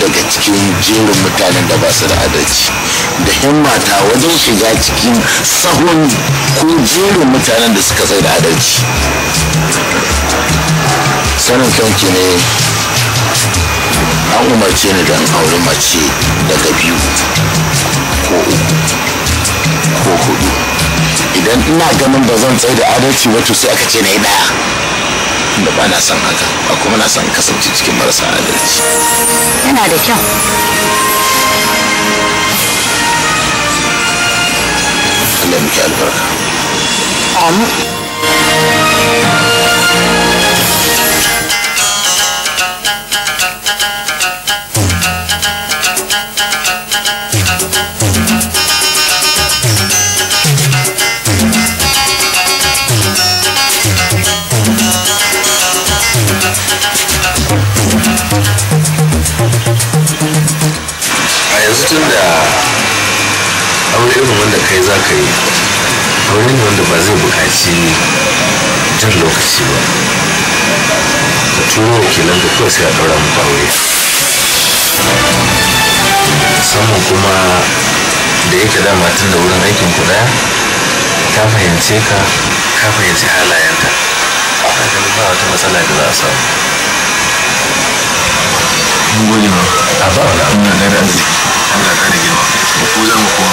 daga cikin jerin mutanen da ba su da adalci da himmata wajen shiga cikin sahun ko jerin mutanen da suka tsaye da adalci sanin kyanki ne an umarce ni don auri mace daga biyu ko uku ko hudu idan ina ganin ba zan tsaye da adalci ba to sai aka ce na yi daya da ba na son haka a kuma na son kasance cikin marasa adalci yana da kyau Allah muke albarka amin lokaci jan lokaci ba ka tura wakilan ka kawai sai a ɗaura muku aure kuma da yake dama tun da wurin aikin ɗaya ta fahimce ka ka fahimci halayenka ka gani ba wata matsala da za a samu mun gode ma a ba na da arziki Allah ka da girma ko za mu kowa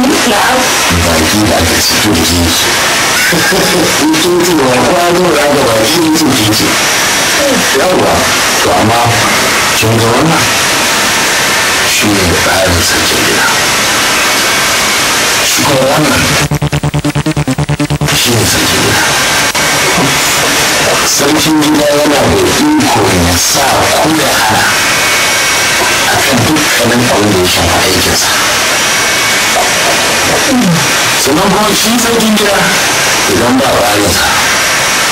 baki da aka ci to kinki wa kwano da aka shi ne shi yana da iko ya sa ko ya hana a sannan kuma shi sarki gida idan ba bayansa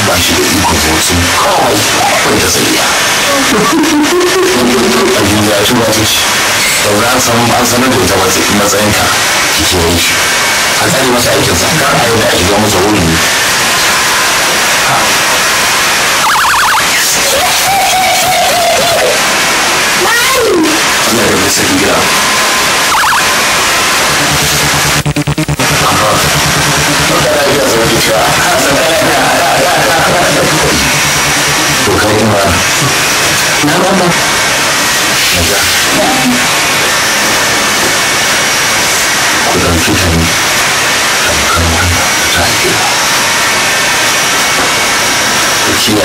ba shi da iko motsin kawai akwai da zariya abin ya ci wata ce daura an ba sanar da ita ka kike yi shi a tsari masa aikin kar a yi da aiki ga masa wurin ne Allah ya rabu sarkin gida 是吧？怎么样？怎么样？怎么样？都开心吗？难过吗？没事。不然之前怎么可能有这样的差距啊？我期待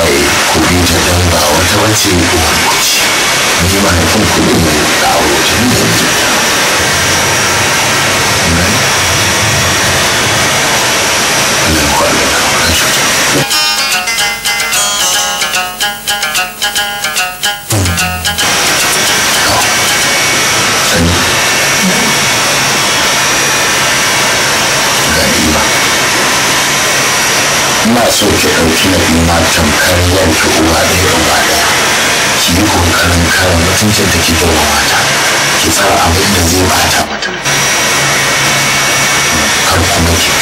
国乒再强大，我期待进步和崛起。你满怀对国乒的骄傲和坚定。ina so ki ɗauki na bima tamkar yanki uwa ɗaya uba ɗaya ki yi ƙoƙarin kare mutuncin da ki girmama mata, ki tsara abin da zai bata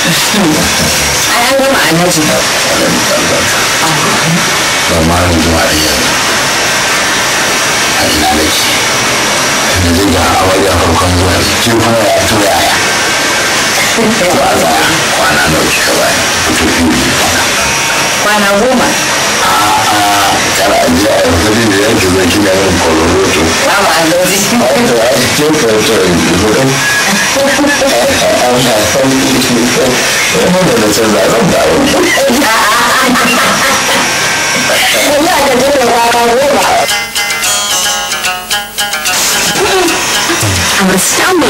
ai an gama alhaji ba ma ran zuwa da yanzu a ina da ke yanzu da a wajen farkon zuwa da ke fara yaya to kwana na wuce ka bayan fito Kwana astounding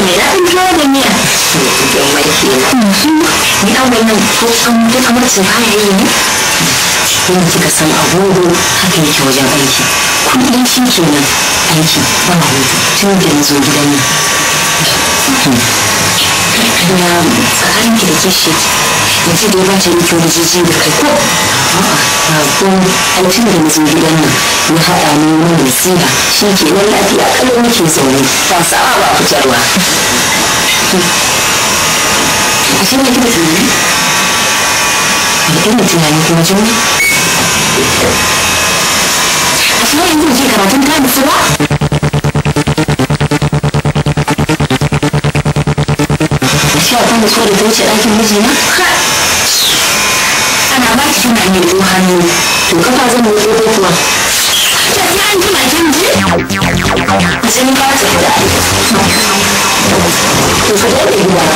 it. I've been driving here. You're my hero. Mm-hmm. You know, when I put on the, I'm going to survive, you know. kuma kika san agogo haka yake wajen aiki kullum shi kenan aiki ba hutu tun da na zo gidan nan na tsakanin ki da kishi yanzu da ya ba ta kyau da jiji da kai ko a ko tun da na zo gidan nan na haɗa ne wani nasiha shi ke nan lafiya kalau muke zaune ba sa'a ba fitarwa. Ashe ne kika tunani? da inda tunani kuma jini a shi yanzu da ke ta musu ba shi akwai da so da ta wuce ɗakin mijina ana ba ki tuna ne ko hannu to kafa zan yi ko kuwa ta ji an jima kin ji sai ni ba ta da ai to ka da gida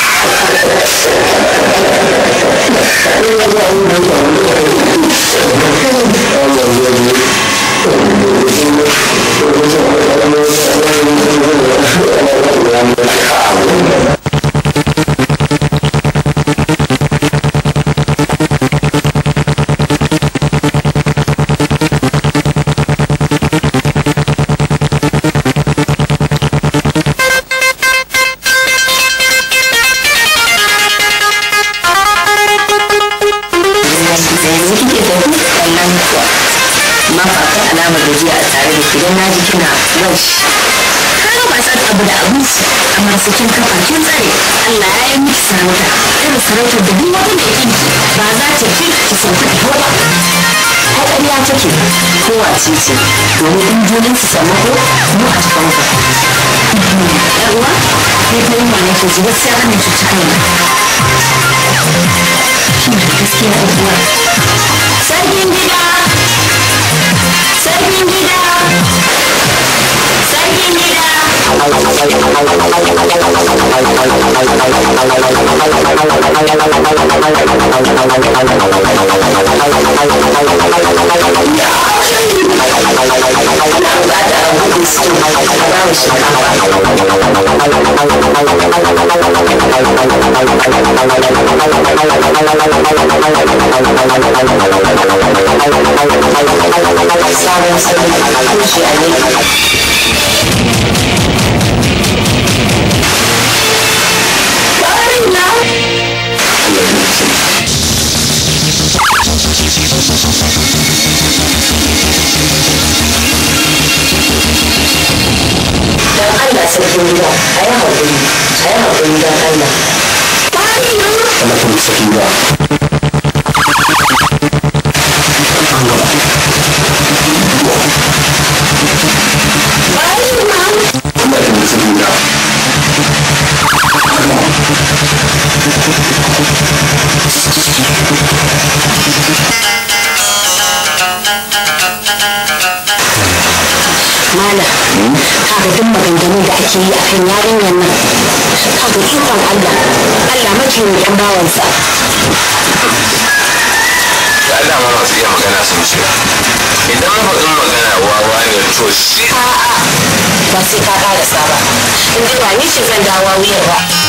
Maria.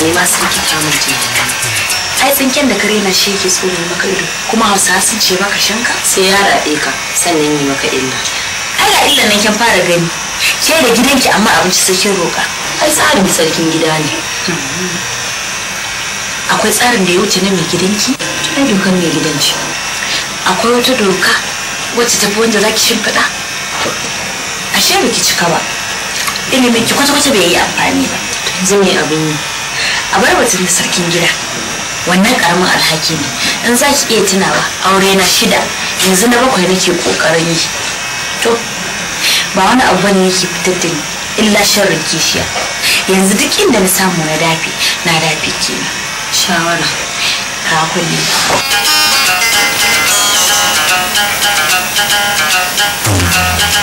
mutane ma sun kita ai tsinken da kare na shi so ne maka ido kuma hausa sun ce maka shanka sai ya raɗe ka sannan yi maka illa ai ga illa nan kin fara gani ke da gidanki amma abinci sai kin roƙa ai tsarin sarkin gida ne akwai tsarin da ya wuce na mai gidanki ai dokan mai gidanci akwai wata doka wacce ta wanda zaki shimfiɗa ashe ki cika ba ilimin ki kwata-kwata bai yi amfani ba zan yi abin yi a bar batun sarkin gida wannan karamin alhaki ne in za ki iya tunawa aure na shida yanzu na bakwai nake kokarin yi to ba wani abu ne yake fitar da ni illa sharrin kishiya yanzu duk inda na samu na dafi na dafi ne shawara ka kullum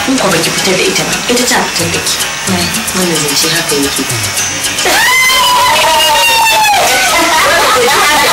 in ko baki fitar da ita ba ita ta fitar da ki zance haka yake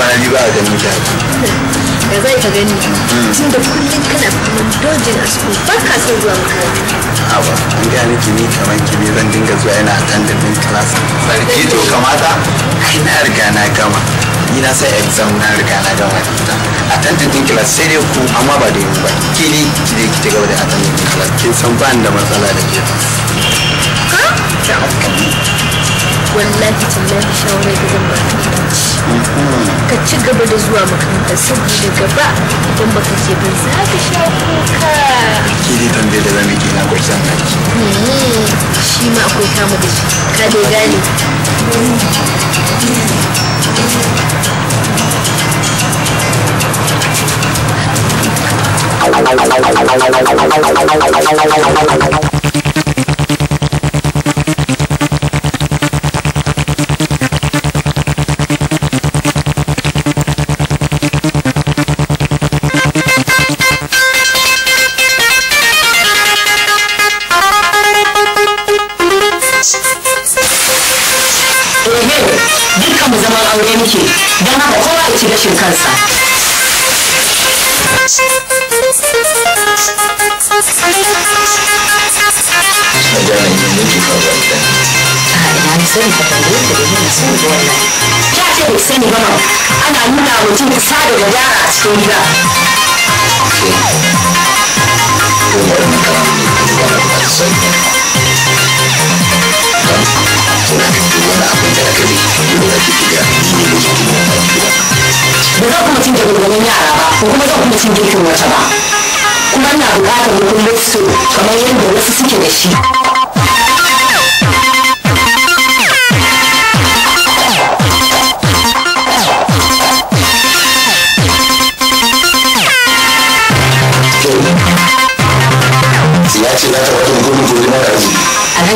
kwana biyu ba a ganin ki da zai ka gani tun da kullum kana kuma dojin a school ba ka son zuwa makaranta a ba an gaya nake ni kamar ki zan dinga zuwa yana tan da din class sarki to kamata ai na riga na gama ni na sai exam na riga na gama ta attending din class sai dai ku amma ba da yin ba ki ne ki ne ki ta gaba da attending din class kin san ba da matsala da ke ha wallahi tallahi shawarar da zan baka ka ci gaba da zuwa makaranta saboda gaba idan baka ce ban za ka sha kuka ke ne tambe da zamu kina akwai san naki hmm, shi ma akwai kama da shi ka dai gane Thank you. salsa. Ya ce bai sani ba ana nuna mutum kusa da gadara a cikin gida. Okay. wani abin da aka yi yau ya ke tafiya shi ne yake tafiya ba ba zan kuma cin jagwalgwalin yara ba ko kuma zan kuma cin girkin wata ba kuma ina buƙatar mutum so kamar yadda wasu suke da ya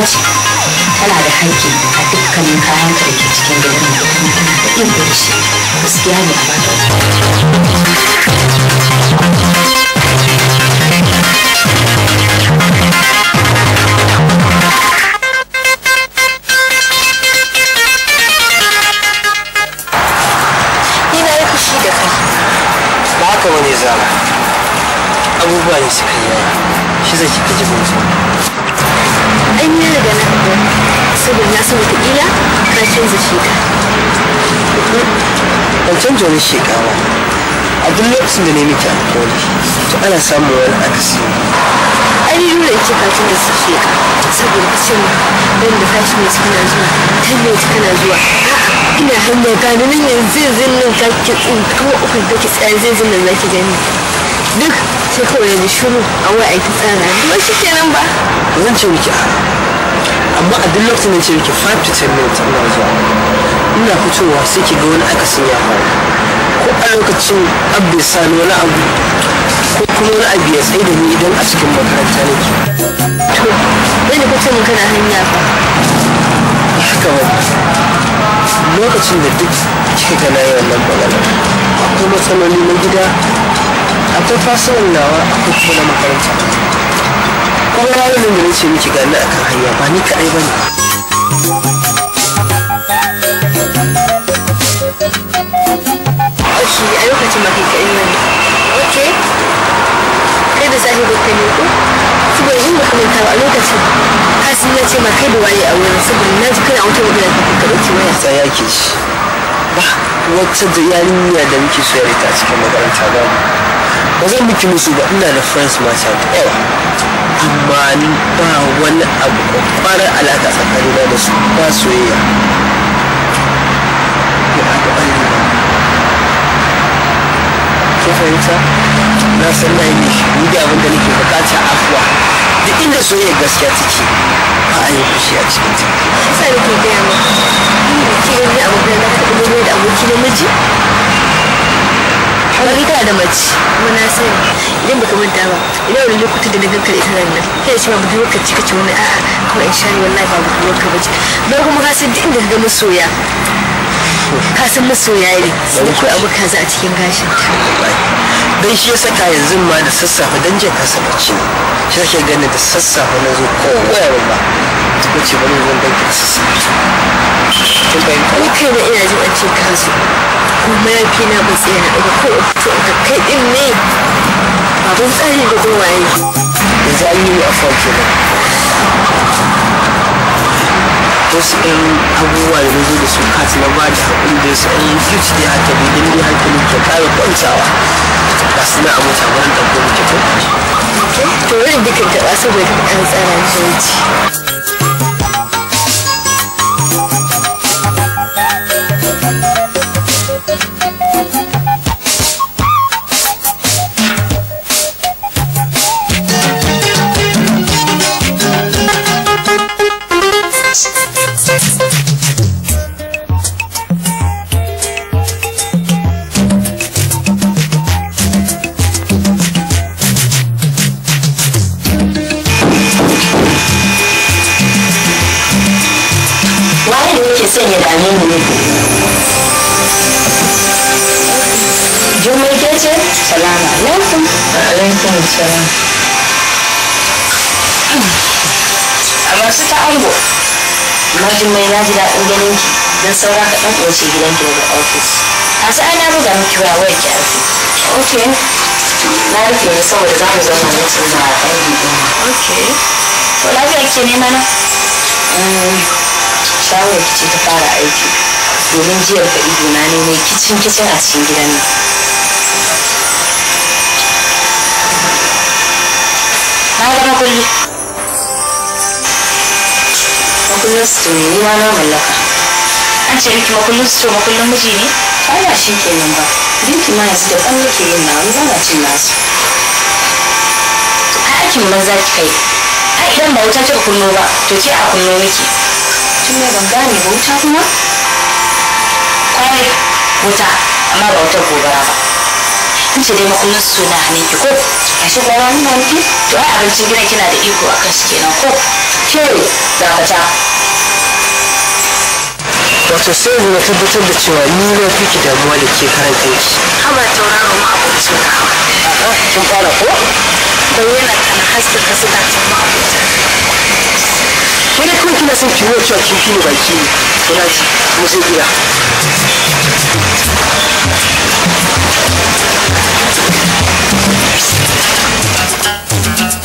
ce aiki a dukkanin kayan da ke cikin gidan nan kuma tana da iya barci gaskiya ne a ba wani zara abubuwa ne suka yi yawa shi zai kika ji zuwa an yi nan na abu saboda na san wataƙila ka canza sheka ban canza wani sheka ba a duk lokacin da ne miki alkawari to ana samun wani akasi an yi nuna ita ka canza su sheka saboda ka ce ban da fashin ne kana zuwa tabbata kana zuwa ina hanya gani nan yanzu yanzu nan ka ki tsinko uku da ki tsaya zai zin nan za ki gani duk sai kawai da shiru a wai aiki tsara ba shi kenan ba zan ce miki amma a duk lokacin da ce wiki 5 to 10 minutes ina zuwa ina fitowa sai ki ga wani akasin ya faru ko a lokacin abbe sani wani abu ko kuma wani abu ya tsaye da ni idan a cikin makaranta ne ke. to bai da kuce kana hanya fa haka wani lokacin da duk kika gana yawan nan magana akwai matsaloli na gida akwai fasirin nawa akwai kuma na makaranta kuma yaron nan da na ce miki gani akan hanya ba ni kaɗai ba ne shi a lokacin ma kai kaɗai ne ok kai da sahi ba kai ne ko saboda in baka manta ba a lokacin kasin ya ce ma kai da waye a wurin saboda na ji kai kana wata da kafin ka ɗauki waya tsaya ke shi ba wata da yarinya da muke so ya rita cikin makaranta ba ba zan miki musu ba ina da friends mata da yawa amma ba wani abu kwarar alaka tsakanina da su ba soyayya ko fahimta na san na yi shi ni da abin da nake bukata afuwa da inda soyayya gaskiya take ba a yi fushi a cikin ta sai nake gaya ma ki ga ni abu da na taɓa da abokin namiji Bari kana da mace. Muna sani. Idan baka manta ba, idan wani lokuta da na ganka da ita nan nan. Kai shi ba budurwarka ce kace wani a'a kawai in shari wallahi ba budurwarka ba ce. Bai kuma ka san duk inda ka ga masoya. ka san masoya ne sai akwai abu kaza a cikin gashin ta dan shi ya saka yanzu ma da sassafe don je kasa bacci shi kake ganin da sassafe na zo ko waya ba ko ce bari zan dan da sassafe kin bayyana ni kai na ina jin an ce kansu kuma ya fi na matsi na daga ko to ka kai ɗin ne babun tsari da kowaye yanzu an yi a farko wasu ɗan abubuwa da zo da su kati na ba da haƙuri da su ɗan gift da haka da idan dai hankali ke ƙara kwantawa ga su na amurta wurin ɗan gobe ke kwanci. to wurin duka gaba da an tsara zuci. jummai na ji daɗin ganin ki don saura ka ɗan gidan ki daga ofis a sai na buga miki wa wayar ki arfi ok na rufe ne saboda za mu zauna mutum da aiki ɗin ok to lafiya kike nema na eh. shawarar ki ce ta fara aiki domin jiyar ka ido na ne mai kicin kicin a cikin gidan nan na gama kullum makullin su ne ma na mallaka an ce miki makullin su makullin miji ne ba na shi nan ba dinki ma yanzu da kan nake yin nawa ba na cin nasu a aikin banza ki kai ai idan ba wuta kika kunno ba to ke a kunno miki tun ne ban gane ba wuta kuma kwarai wuta amma ba wutar gobara ba an ce dai makullin su na hannun ki ko a shi kuma wani to ai abincin gida kina da iko kan shi kenan ko shore da fata wato sai na tabbatar da cewa ni na fi ki damuwa da ke karan kanki haba tauraron abokin ka a'a kin fara ko bayyana kana haske ka suka tsamma abota wani kuma kina son kiwo cewa kin fi ni baki ne kuna ji mu je gida Thank you.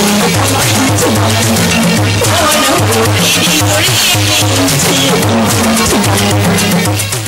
Oh, no,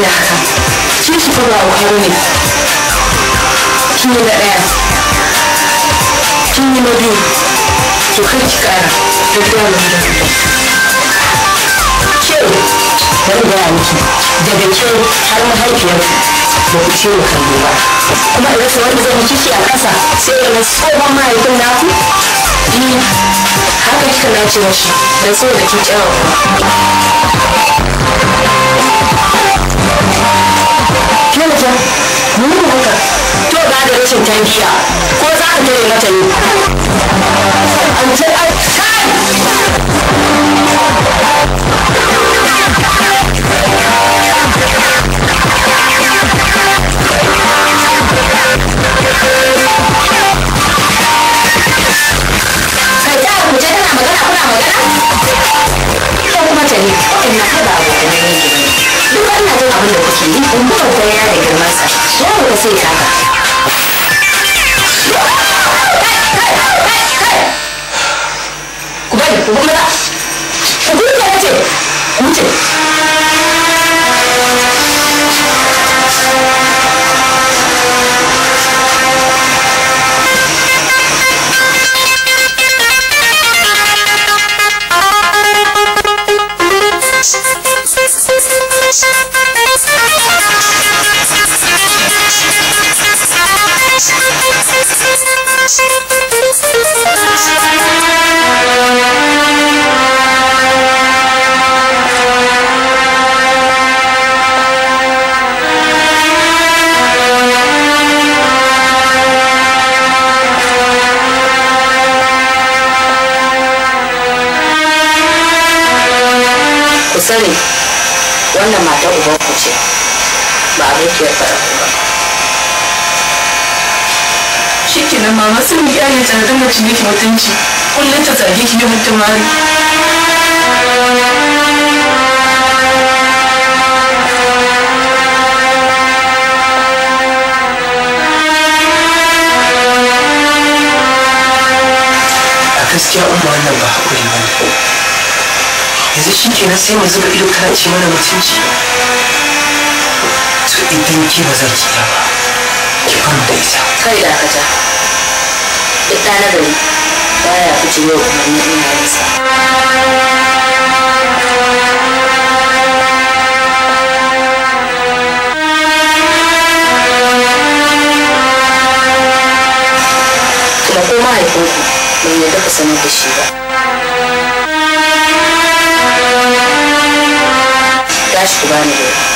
mana haka shi shi fa ba auka ne shi yi na ɗaya shi yi na biyu to kai ki kara da dole ke bari ya wuce daga ke har mahaifiyar da ku ce kan ba kuma a rasa wanda zan kishi a ƙasa sai da na tsohon mahaifin naku haka kika nace mashi da so da kin kyawa kin ce ni ne haka Cho ba da rashin tarbiyya ko za ka tare mata ne an ce ai kai da ku je kana magana kuna magana ko kuma tare ko ina kai ba abokan 起き不破回来的格玛萨，所有的自己打打。我把你，我不能打，我不能打 ta ubanku ce mama sun yi ayyar ta mutunci kullum ta zage ki ne mutum mari umma wannan ba yanzu shi kenan sai mu zuba mana mutunci in kin ki ba zai ki ba ki kama da isa. kai da kaja ita na gari baya fice yau umarnin iyayensa kuma ko mahaifinku bai yarda ka sanar da shi ba tashi ku bani da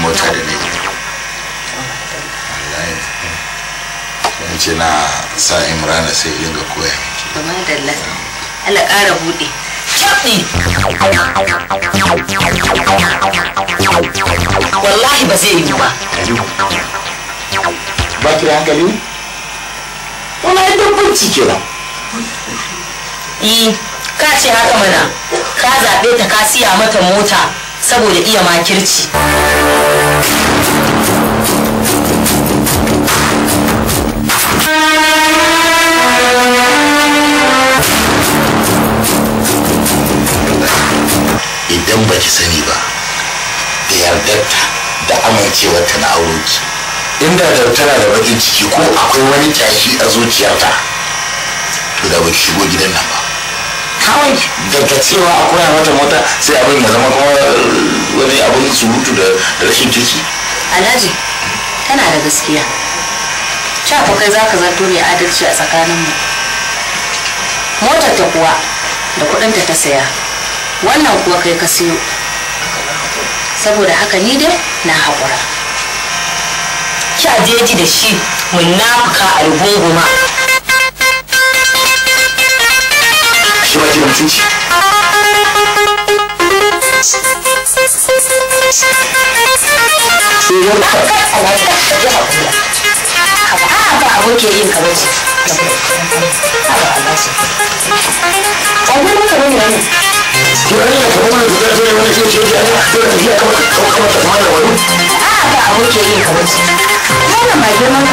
mota da ne ce na sa imrana sai dinga koya miki Allah ƙara buɗe wallahi ba zai yi ba ba ki hankali wani ya dabbanci ba. yi ka ce haka mana ka zaɓe ta ka siya mata mota saboda iya makirci idan ba ki sani ba da yardarta da amincewarta na aure inda da tana da bakin ciki ko akwai wani kyashi a zuciyarta to da ba ki shigo gidan nan ba kawai daga cewa akwai mata mota sai abin ya zama kuma eh, wani abin surutu da rashin ciki. alhaji tana da gaskiya shafa kai za ka zato mai adalci a tsakaninmu motar ta kuwa da kudinta ta saya wannan kuwa kai ka siyo saboda haka ni dai na haƙura ki ajeji da shi mun munafuka a rubunguma shi ba ki mutunci ba abu ke yin kamar Abu ne. kiranya ah, ka kuma da zai zai wani kirki ya ga sai da biya ta a ba yin kamar su wannan girman ka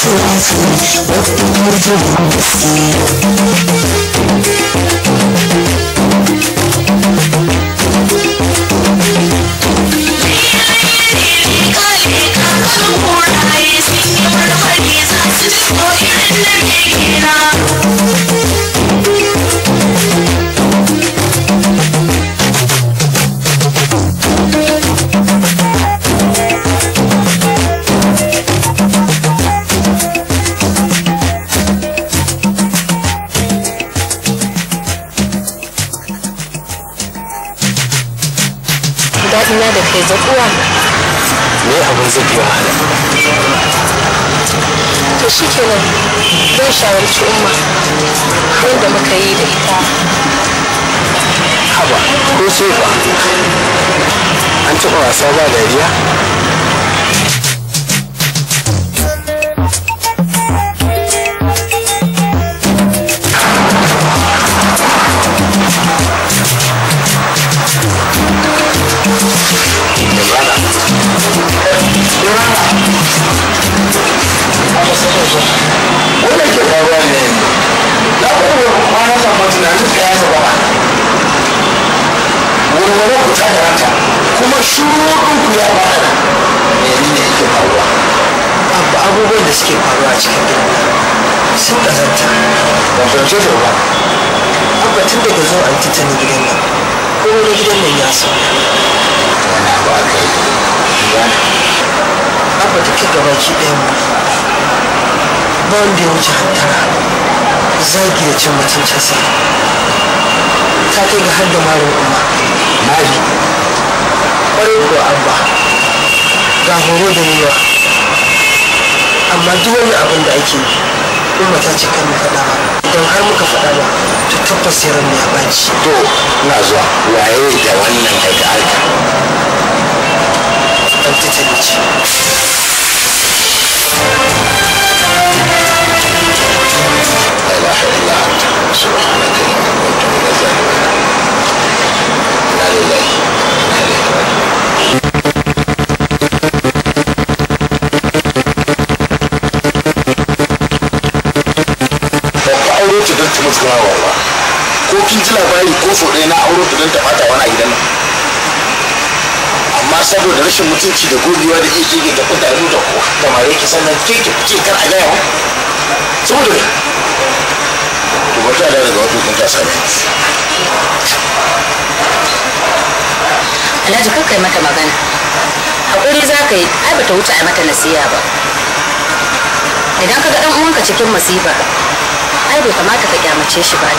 Suhasi भक्ति मुझे हम बसी na shawarci umma wanda muka yi da ita haba ko sai ba an taɓa wasa ba dariya Thank you. kyauta ruwa ne na kuma ba na san mutum na ba wurwurin ku tsadaranta kuma shuruɗin ku ya bada ne ne ne yake faruwa abubuwan da suke faruwa cikin gidan sun ƙazanta ba fahimce ta ba abba tun daga zuwa an titani gidan nan ko wani gidan nan ya sauya wani abu aka yi abba duka gabaki ɗaya mu ba wanda ya wuce hantara zagi da cin mutuncinsa ta kai ga har da marin umma mari ƙwarai ko abba ga horo da yawa amma duk wani abin da ake yi umma ta ce kan mu faɗa ba idan har muka faɗa ba to tabbas yaran mu ya ɓaci to ina zuwa waye da wannan daga alka ɗan titanici Thank you. ji labari ko so ɗaya na auro ta don ta fata wani a gidan nan amma saboda rashin mutunci da gogewa da iya gege da kuta da mutu da mare ki sannan ke ke fice kar a gaya mu saboda ne to ba ta da daga wato kun ta sami Alhaji kakka yi mata magana hakuri za ka yi ai bata wuce a mata nasiya ba idan ka ga dan uwanka cikin masifa ai bai kamata ka kyamace shi ba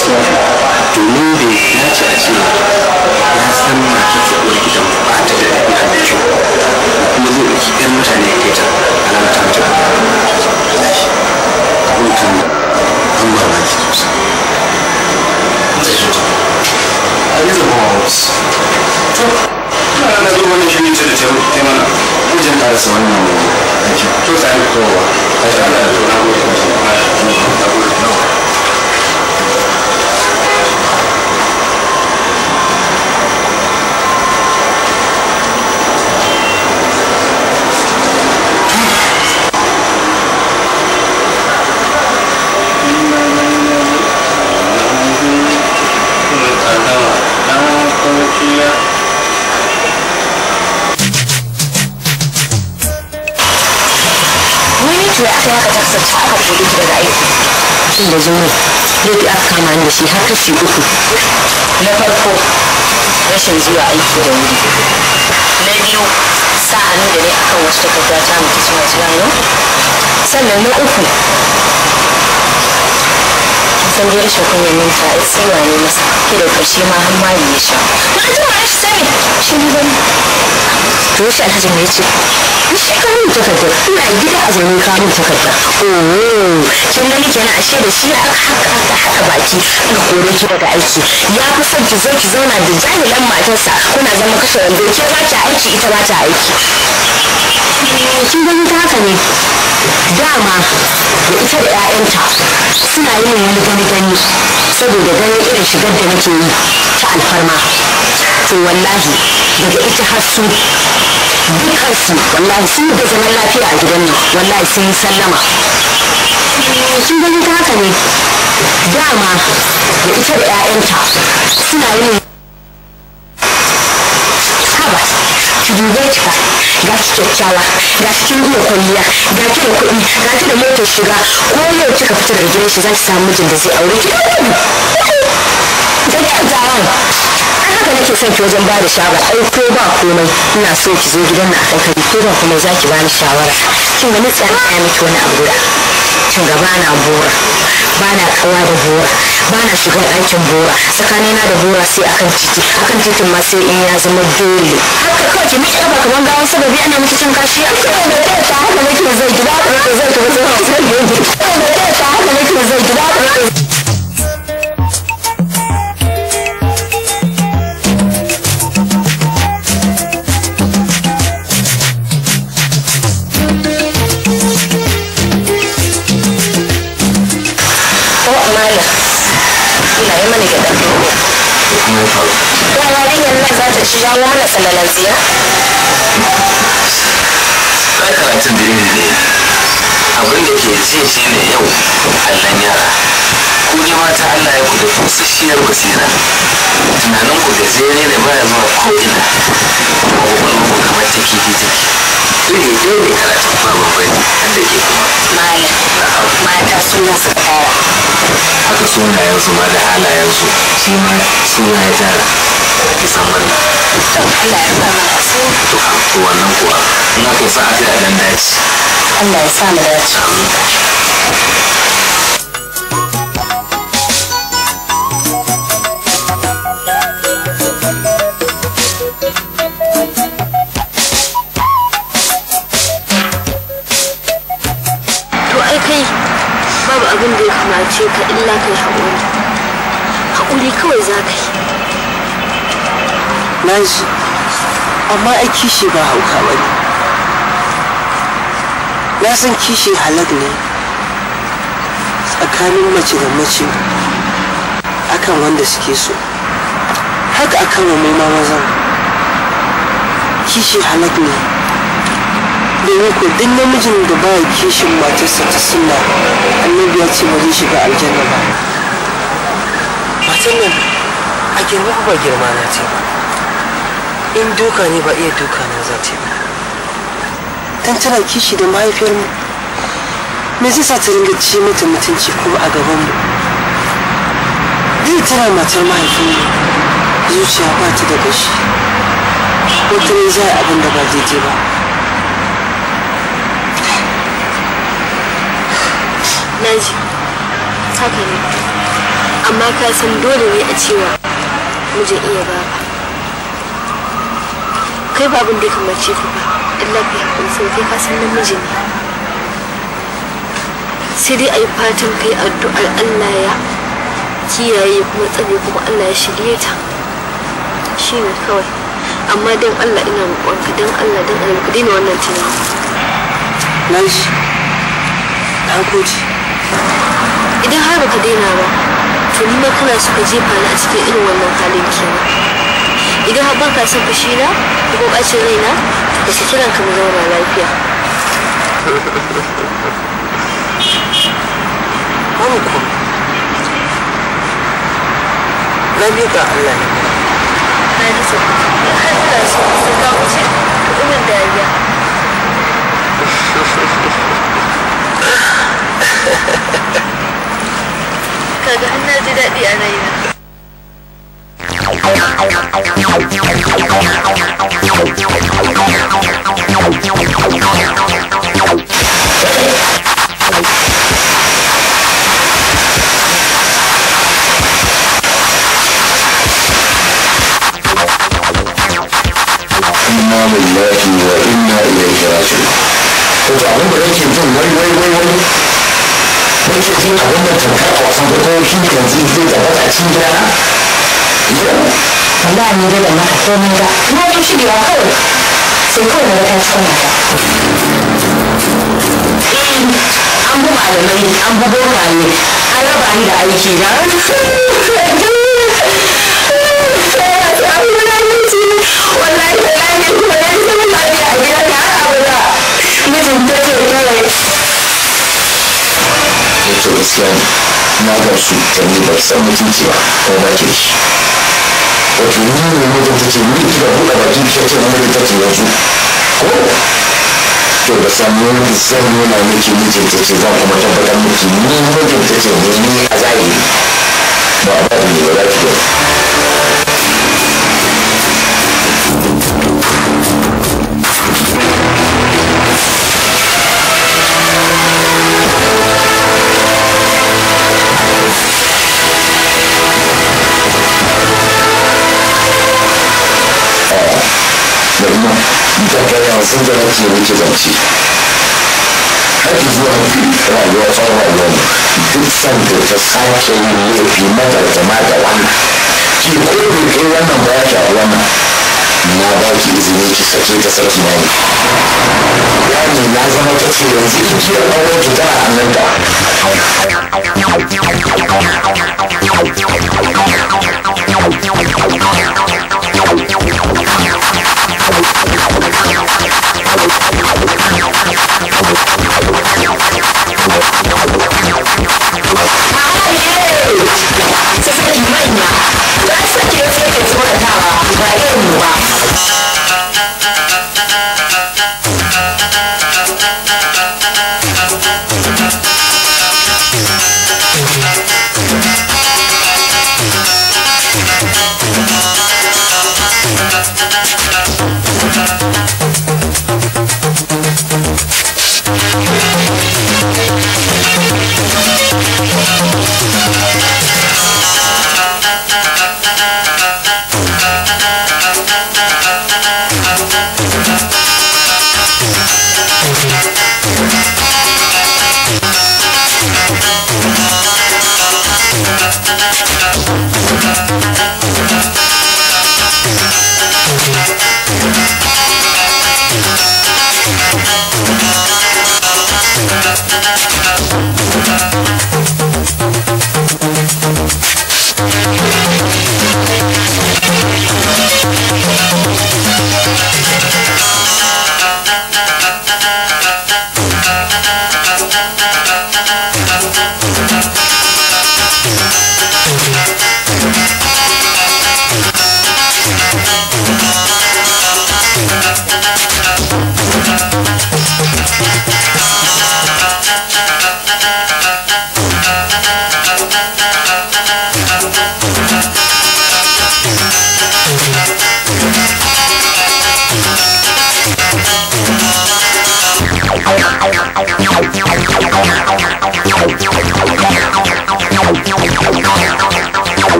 gaskiya domin bai dace a ce ya san matar su uwar gidan ba ta da ɗabi'a mai kyau kuma zai ɗauki ɗan mutane ya kai ta a lalata mata abin kan an ba ma ki sosai zai so ta a yi zama wa wasu to ina na zo wani shirin ce da ce mana wajen ƙarasa wannan aikin to sai kowa a shi ana da tona ko da kuma zai aka kama da shi har kashi uku na farko rashin zuwa aiki da wuri na biyu sa hannu da ne akan wasu takarda ta mutu suna zuwa sannan na uku sauri rashin kunya kunyan a sai wane masa ke da karshe ma har mari ya sha na ji ma shi sai shi ne ne. to shi alhaji ne yace shi ka mun takarda ina gida a zaune ka mun takarda oh kin gani kenan ashe da shi aka haka aka haka baki aka kore ki daga aiki ya fi son ki zo ki zauna da jahilan matarsa kuna zama kashe wanda ke ba ta aiki ita ba ta aiki eh, kin gani ta haka ne dama da ita da 'ya'yanta suna yin wani gani ani saboda ganin irin shigar da nake yi ta alfarma to wallahi daga ita har su dukansu wallahi sun da zaman lafiya a gidan nan wallahi sun yi sallama sun gani ta haka ne dama da ita da 'ya'yanta suna yin ki dube ki fa ga ki kyakkyawa ga ki kin kwalliya ga ki da kuɗi ga motar shiga ko yau kika fita daga gidan shi zaki samu mijin da zai aure ki da kyakkyawan an haka nake son ki wajen bada shawara ai ko ba komai ina so ki zo gidan na a kankari ko ba komai za ki bani shawara kin ga ni tsaya miki wani abu da kin gaba na bora bana kawa da bora bana shiga ɗakin bora na da bora sai akan ciki akan titin ma sai in ya zama dole haka kawai ki miƙe ba kamar gawan sababi ana miki cin kashi a kawai da ta haka zai gida zai ki zai it. ciyar basira tunanin ku da zai ne baya zuwa ko'ina kuma kwakwalwar ku kamar ta kifi take tun dai ne karatun ba babban da ke kuma mata suna su tara haka sunayensu ma da halayensu shi ma suna ya tara kisan wannan to Allah ya sa su to to wannan kuwa a dan dace Allah ya ishe ka illa kai haƙuri haƙuri kawai za ka yi na ji amma ai kishi ba hauka ba ne na san kishi halak ne tsakanin mace da mace akan wanda suke so haka akan wa mai mazan kishi halak ne domin ko duk namijin da ba kishin matarsa ta suna annabi ya ce ba zai shiga aljanna ba matan nan a girma ba girma na ce ba in duka ne ba iya duka na za ce ba dan tana kishi da mahaifiyar mu me zai sa ta ringa ci mata mutunci ko a gaban mu zai tana matar mahaifin mu zuciya ba ta da gashi wata ne za a abin da ba daidai ba naji haka ne amma ka san dole ne a cewa mijin iya ba kai ba abin da ya kamace ka ba illa ka haƙuri sun kai ka san namiji ne sai dai a yi fatan kai addu'ar Allah ya kiyaye kuma tsare kuma Allah ya shirye ta shi ne kawai amma don Allah ina roƙonka don Allah don Allah ku daina wannan tunanin. Na shi, you. idan har baka daina ba to ni ma kana so ka jefa ni a cikin irin wannan halin kenan idan har baka son fushi na ko bacin raina ka su kiran ka mu zauna lafiya Mamku, na biyu ga Allah ne. Na yi so, ya haifar su, kawo ce, ka ɗumin dariya. kaga har na ji daɗi a raina Inna lillahi wa inna ilaihi Ko da jin 因为我们整个早上的都是等级是怎么在清洁呢？我那你就怎么还说那个？那就是聊后，谁后那个太聪明了。an bu malamai an bu bokaye an raba a da ya Islam na ga shi da ni ba san mutunci ba ko ba ke shi wato ni ne ne ta take ni ki da buka baki ta ce mai ta ce yanzu ko to da da mun zan ne ki mijin ta ce zan kuma tabbatar miki ni mijin ta ce ne ni a zai ba ba ni ba za ki ba da kuma mutaka yansun da nake nake zance haƙi zuwa rayuwa tsawon rayuwa duk sanda ta fi yin laifi magargama da wannan ki ko bai kai wannan ba ya wannan na ba ki izini ki sake ta saki na ne na zama ta ce yanzu in ji auren ki tana hannun ta Thank you.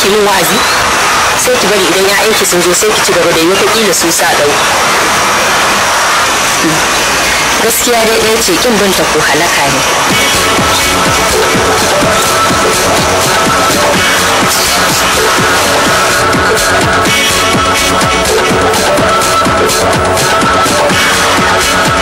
ki yin wa'azi sai ki bari idan ya'yanki sun zo sai ki ci gaba da yi wataƙila su sa ɗau gaskiya dai ɗaya ce kin binta ko halaka ne Thank you.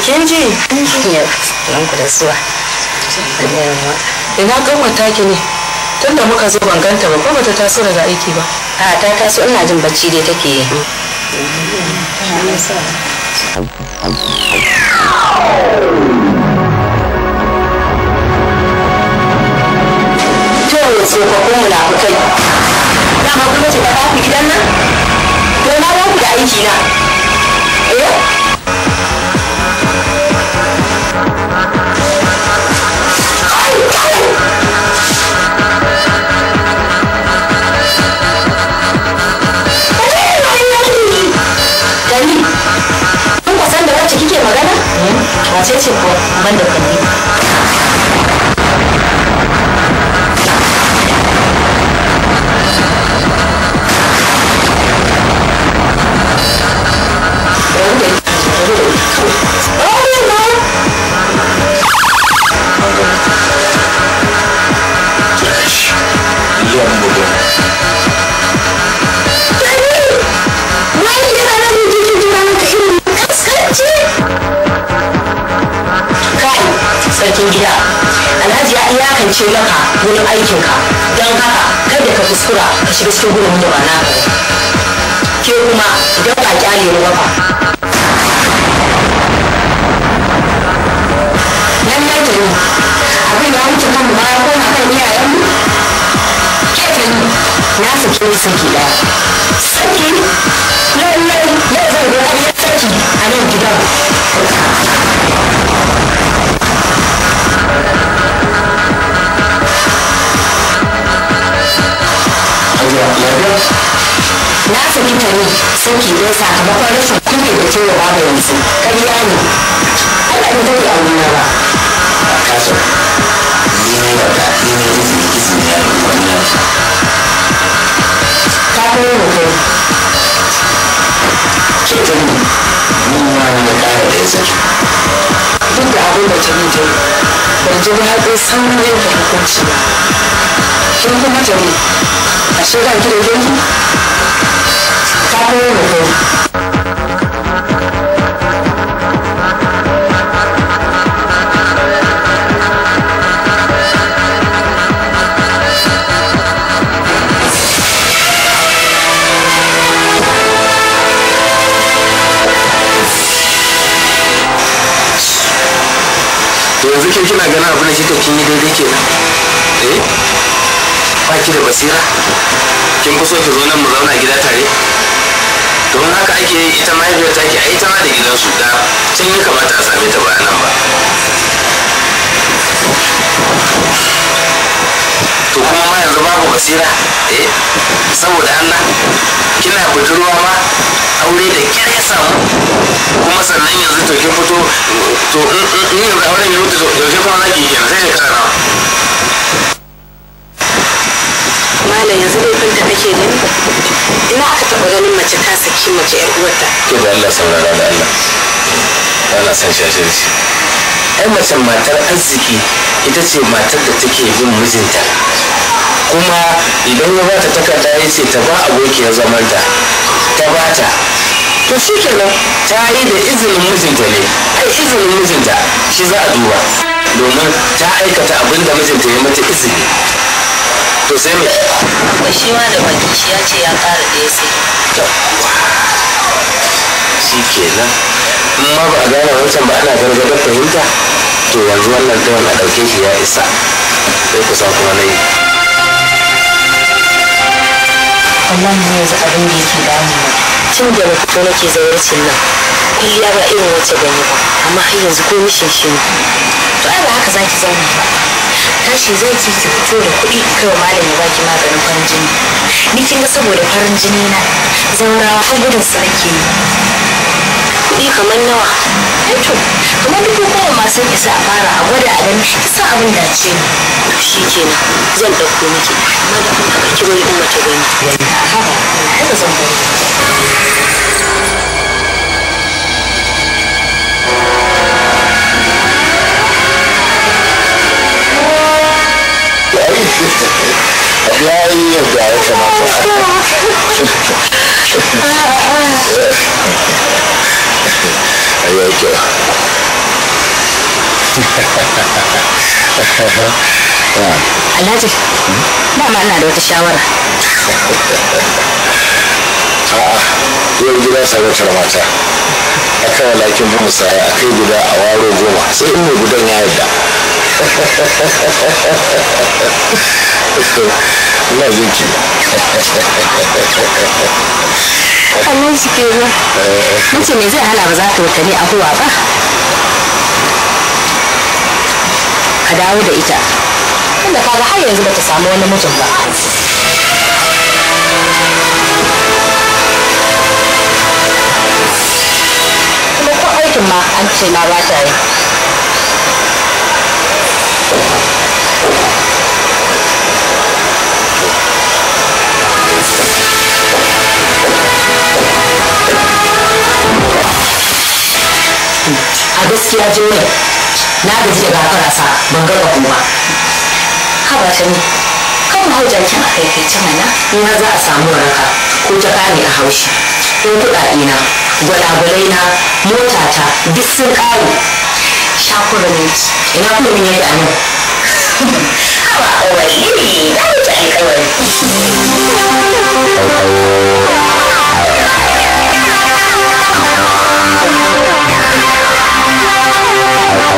kin ji nan ku da zuwa ina kanwa taki ne tun da muka zo ban ganta ba ko bata taso daga aiki ba a ta taso ina jin bacci dai take yi tsofaffin munafukai dama kuma ce ba ku gidan nan to na ku da aiki na wace ce kuwa ban da kalli Thank you. sarkin gida alhaji ya iyakance maka wurin aikinka don haka kada ka kuskura ka shiga cikin gudun da ba ke kuma don ba kyale ruwa ba Nan ta yi abin da wuce kan ba ya koma kan iyayenmu kefin na saki ni saki daya saki lallai yau zan gudanar saki a nan gidan Na saki ta ne sakamakon rashin kuma da ke yaba da yanzu. Ƙarya ne. Allah ne zai a na ba. Kaso, ni ne yarda, ni ne izini izini ya yi wannan. Ka kai mu kai. shekarun mun ma na ƙara da izar duk da abin da ta yi da ban ji daɗin sauran yanke hukunci ba kin kuma ta ne a ta kin yi daidai kenan eh ba ki da basira kin fi so ki zo nan mu zauna gida tare don haka ake yi ita mahaifiyar ta ke a ita ma da su da can yi kamata a same ta ba nan ba to kuma ma yanzu babu basira eh saboda Allah kina budurwa ma aure da kyar ya samu kuma sannan yanzu to kin fito to in yanzu auren ya mutu to ke kuma zaki kenan sai ka nawa malam yanzu kun da kake gani ina aka taɓa ganin mace ta saki mace yar uwarta to da Allah saurara da Allah ba na san shi. ai mace matar arziki ita ce matar da take bin mijinta kuma idan ya bata takarda ya ce ta ba abokiyar zaman ta ta bata to shi kenan ta yi da izinin mijinta ne ai izinin mijinta shi za a duba domin ta aikata abin da mijinta ya mata izini to sai me shi ma da baki shi ya ce ya kara da ya sai shi kenan ma ba a gane wancan ba ana gargadar fahimta to yanzu wannan tawon a ɗauke shi ya isa sai kusa kuma na yi wallahi ne yanzu abin da yake damuna tun da na fito nake zauracin nan kulliya ba irin wacce da ni ba amma har yanzu ko mishin shi to ai ba haka zaki zauna ba tashi zai ci ki fito da kuɗi kai malam ya baki maganin farin jini ni kin ga saboda farin jini na zaurawa har gudun sa nake yi kuɗi kamar nawa eh to kamar dubu goma ma sun isa a fara a gwada a gani isa abin da ce shi kenan zan ɗauko miki amma da kun taɓa kiro yi umma ta gani haka zan bari yayi yadda ya kamata やる気 Alhaji, dama ina da wata shawara. A'a, yau gida sarautar mata. A kan walakin bin musaya a kai guda a waro goma sai in mai gudan ya yarda. Ina jinki. kallon shi ke ne nace me zai hana ba za ta wakane a huwa ba ka dawo da ita tunda kaga har yanzu bata samu wani mijin ba kuma ko aikin ma an ce ma ba ta yi aiki a gaskiya jimmai na gaji da gafarasa ban garba kuma haba ta ne kan hau jakin a kai kai can na in za a samu raka ko ta kame a haushi in kuɗaɗe na gwalagwalai na mota ta duk sun ƙare shakura ne ina kuma min yake a nan haba kawai ne na yi ta wuce alkawari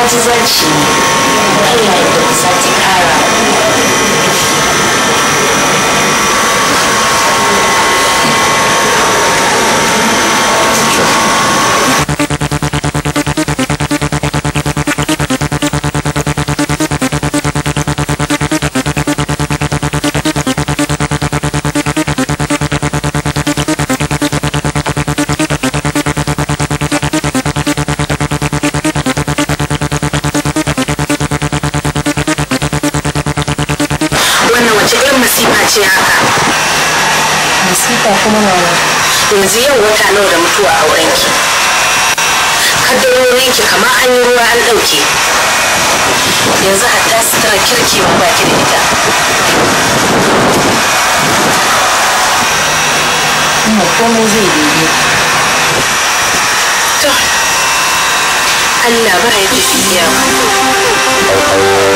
ajizanci Allah ya da kusa ta ƙara sarkewan baki da ita zai ba ya tafi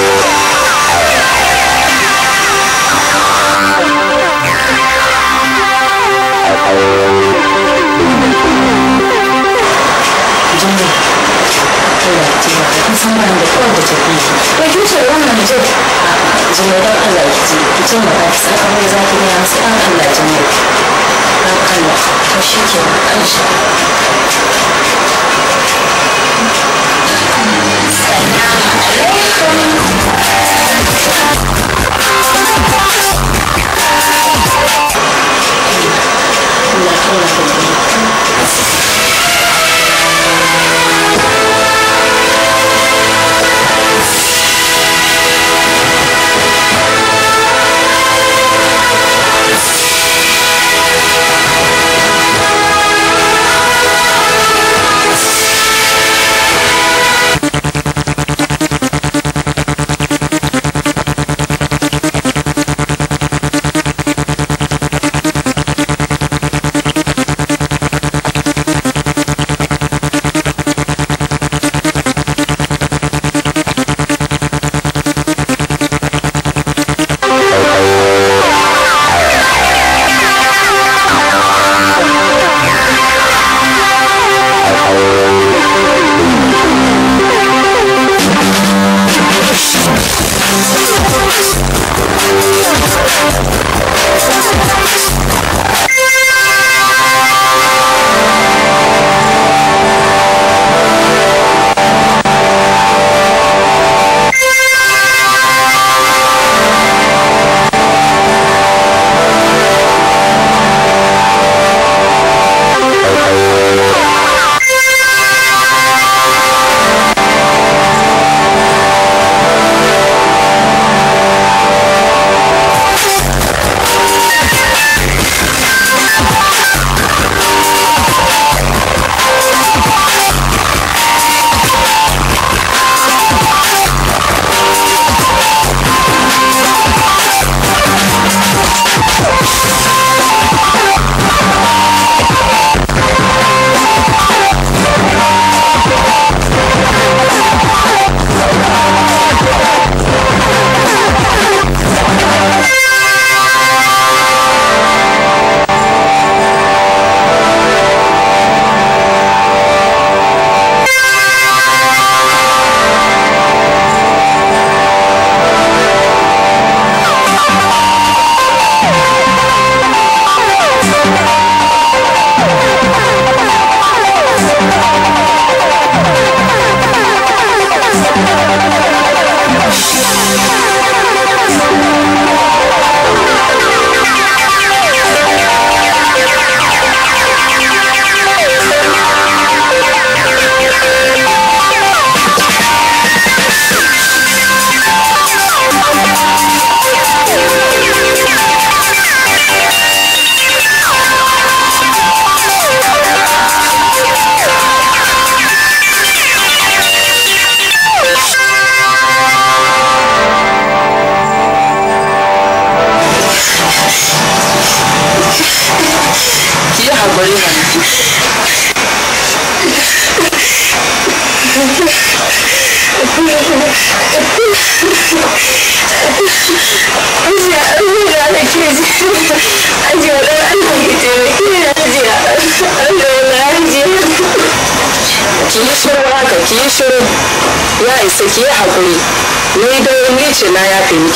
Yes.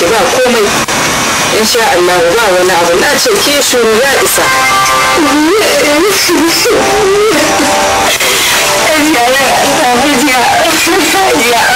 ki ba komai insha Allah ba wani abu na ce ke shuru ya isa Yeah, yeah, yeah.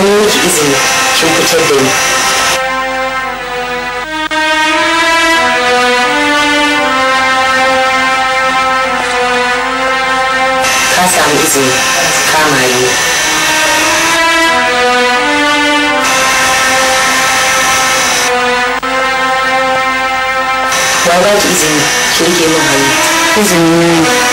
an yi miki izini kin fitar da ni ka samu izini kama yi ba ki izini ki rike min hannu izini ne